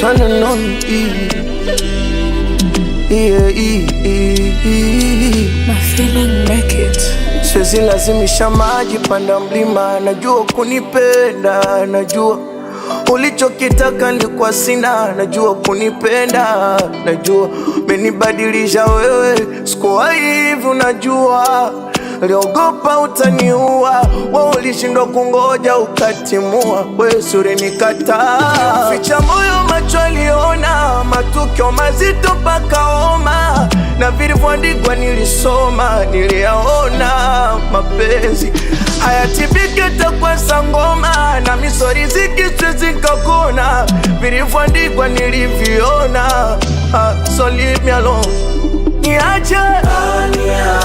tryna know you. Yeah, yeah, My Siwezi lazimisha maji, panda mlima. Najua kunipenda, najua ulichokitaka nilikuwa sina. Najua kunipenda, najua menibadilisha wewe, sikuwa hivi, unajua liogopa utaniua, we ulishindwa kungoja ukatimua, we sure nikataa. Ficha moyo macho aliona, matukio mazito oma, na vilivyoandikwa nilisoma, niliyaona mapenzi hayatibike takwa sangoma na misori zikisizikakona vilivyoandikwa nilivyoona, ah, solimialo niache ah,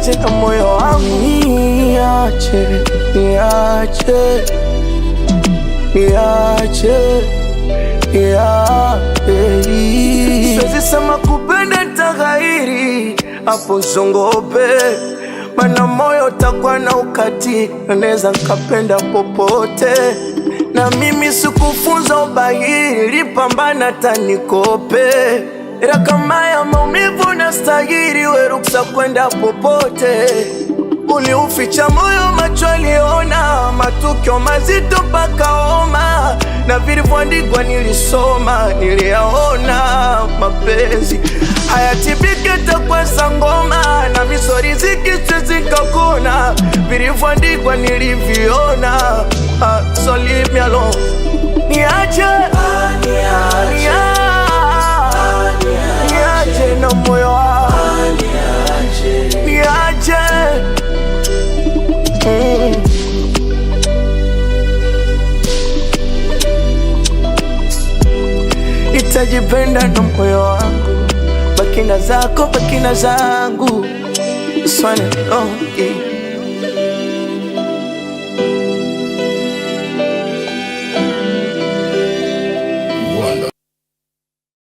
niache na moyo wangu niache, niache, niache, niache. Siwezi sema kupenda nitaghairi hapo zongope, mana moyo takwa na ukati, naweza nkapenda popote na mimi sikufunza ubahili, lipambana tanikope ila kama unastahili we ruksa kwenda popote. Uliuficha moyo, macho aliona matukio mazito pakaoma, na vilivyoandikwa nilisoma, niliyaona mapenzi hayatibike takwa ngoma na misori zikisizikakona vilivyoandikwa niliviona ah, alone, niache jipenda na moyo wangu, bakina zako bakina zangu Swane, oh, yeah.